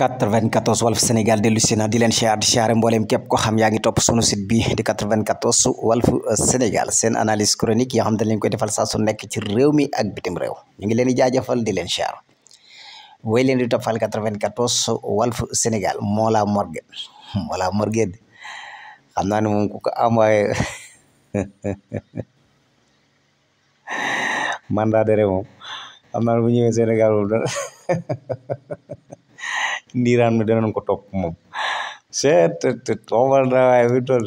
94 Walf Sénégal dellu si na di leen siyaar di siyaare ko xam yaa ngi sunu site bi di 94 Walf Sénégal seen analyse chronique yoo xam ne leen koy defal saa su nekk ci réew mi ak bitim réew ñu ngi leen di jaajëfal di leen siyaar way leen di toppal 94 Walf Sénégal Mollah Morgun Mollah Morgun xam naa ne moom ku ko envoyé mandat de moom xam naa ne bu ñëwee Sénégal moom ndiiraan mi danañ ko topp moom c'est xamal na waaye fi toll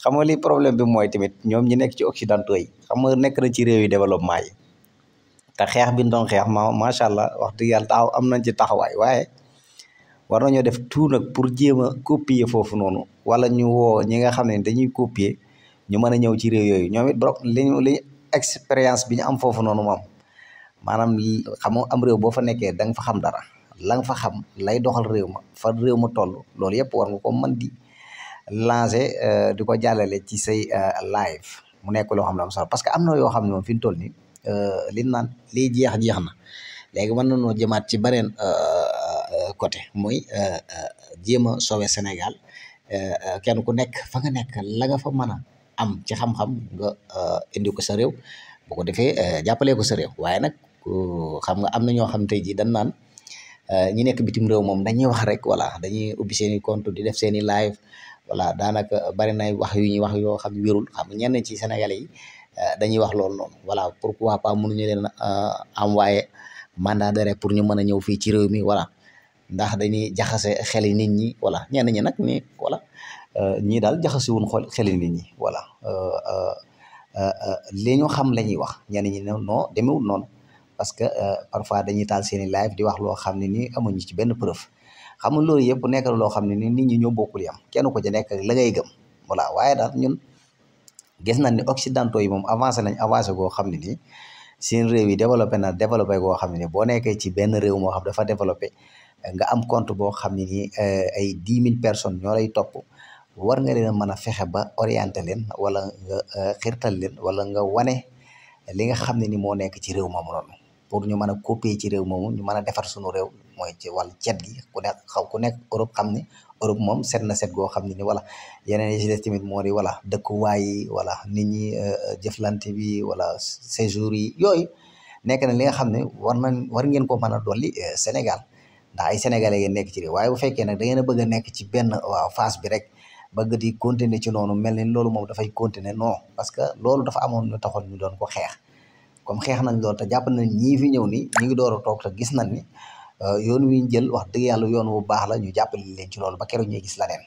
xam nga li problème bi mooy tamit ñoom ñi nekk ci occidentaux yi xam nga nekk na ci réew yi développement yi te xeex bi ñu xeex ma macha allah wax dëgg yàlla taxaw am nañ ci taxawaay waaye war nañoo def tout nag pour jéem a copier foofu noonu wala ñu woo ñi nga xam ne dañuy copier ñu mën a ñëw ci réew yooyu ñoom it borom li expérience bi ñu am foofu noonu moom maanaam xam nga am réew boo fa nekkee da nga fa xam dara. la fa xam lay doxal réew ma fa réew ma toll loolu yëpp war nga ko mën di lancer euh, di ko jàllale ci say euh, live mu nekk loo xam ne am solo parce que am na yoo xam ne fi mu toll nii euh, li naan li jeex jeex na léegi mën nañoo jëmaat ci beneen côté mooy jéem a sauver Sénégal kenn ku nekk fa nga nekk la nga fa mën a am ci xam-xam nga indi ko sa réew boo ko defee jàppalee ko sa réew waaye nag xam nga am na ñoo xam tey jii dañ naan. Euh, ñi nekk bitim réew moom dañuy wax rek voilà dañuy ubbi seen i compte di def seen i live voilà daanaka bari na wax yu ñuy wax yoo xam wérul xam ñenn ci Sénégalais yi euh, dañuy wax loolu noonu pour pourquoi pas mënuñu leen euh, envoyé manda d'arrêt pour ñu mën a ñëw fii ci réew mi voilà ndax dañuy jaxase xeli nit ñi voilà ñenn ñi nag ni wala ñii daal jaxase wuñ xool xeli nit ñi voilà li ñu xam la ñuy wax ñenn ñi non demeewul noonu. parce que euh, parfois dañuy taal seen live di wax loo xam ne nii amuñu ci benn preuve xam loolu yëpp nekk na loo xam ne ni nit ñi ñoo bokkul yam kenn ko ci nekk la ngay gëm voilà waaye daal ñun gis nañ ne occidentaux yi moom avancé nañ avancé goo xam ne nii seen réew yi développé na développé goo xam ne nii boo nekkee ci benn réew moo xam dafa développé nga am compte boo xam ne nii euh, ay dix mille personnes ñoo lay topp war nga leen a mën a fexe ba orienté leen wala nga euh, xirtal leen wala nga wane li nga xam ne ni moo nekk ci réew moomu noonu pour ñu mën a copier ci réew moomu ñu mën a defar suñu réew mooy ci wàllu cet gi ku nekk xaw ku nekk Europe xam ne Europe moom set na set goo xam ne ni wala yeneen yi ci di voilà dëkkuwaay yi voilà nit ñi euh, euh, jëflante bi voilà séjour yi yooyu nekk na li nga xam ne war nañ war ngeen ko mën a dolli euh, Sénégal ndax ay sénégalais ngeen nekk ci réew waaye bu fekkee nag da ngeen a nekk ci benn waaw phase bi rek bëgg di continuer ci noonu mel ni loolu moom dafay continuer no parce que loolu dafa amoon ñu taxoon ñu doon ko xeex comme xeex nañ loolu te jàpp nañ ñii fi ñëw ni ñu ngi door a toog te gis nañ ni euh, yoon wi ñu jël wax dëgg yàlla yoon wu baax la ñu jàpp jàppale leen ci loolu ba keroog ñuy gis la neen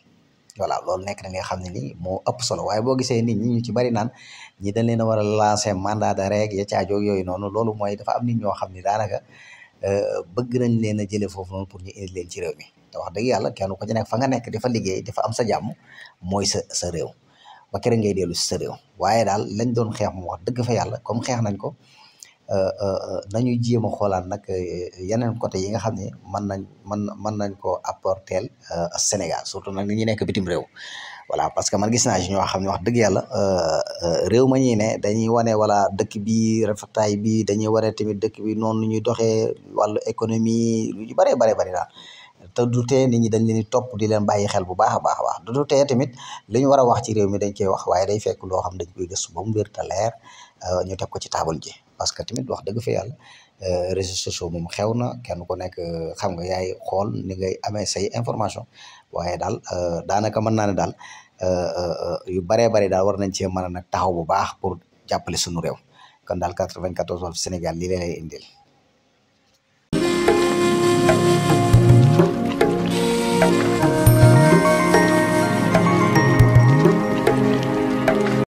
voilà loolu nekk na nga xam ne nii moo ëpp solo waaye boo gisee nit ñi ñu ci bari naan ñi dañ leen a war a lancer mandat de rek ya caajoog yooyu noonu loolu mooy dafa am ni ñoo xam ne daanaka euh, bëgg nañ leen a jëlee foofu noonu pour ñu indi leen ci réew mi te wax dëgg yàlla kenn ko ci nekk fa nga nekk defa liggéey dafa am sa jàmm mooy sa sa réew ba kere ngay dellu si sa réew waaye daal lañ doon xeex mu wax dëgg fa yàlla comme xeex nañ ko euh, euh, euh, nañu jéem a xoolaan nag yeneen côté yi nga xam ne mën nañ mën mën nañ ko apporteel Sénégal surtout nag ni ñu nekk bitim réew wala parce que man gis naa ñoo xam ne wax dëgg yàlla réew ma ñuy ne dañuy wane wala dëkk bi rafetaay bi dañuy wane tamit dëkk bi noonu ñuy doxee wàllu économie lu ñu bare bare bari daal te du tee nit ñi dañ leen di topp di leen bàyyi xel bu baax a baax a baax du tee tamit li ñu war a wax ci réew mi dañ koy wax waaye day fekk loo xam dañ koy gëstu ba mu wér te leer euh, ñu teg ko ci taabal ji parce que tamit wax dëgg fa yàlla euh, réseaux sociaux moom xew na kenn ku nekk euh, xam nga yaay xool ni ngay amee say information waaye daal daanaka mën naa ne daal yu baree bari daal war nañ cee mën a nag taxaw bu baax pour jàppale suñu réew kon daal 94 Walf Sénégal lii lay indil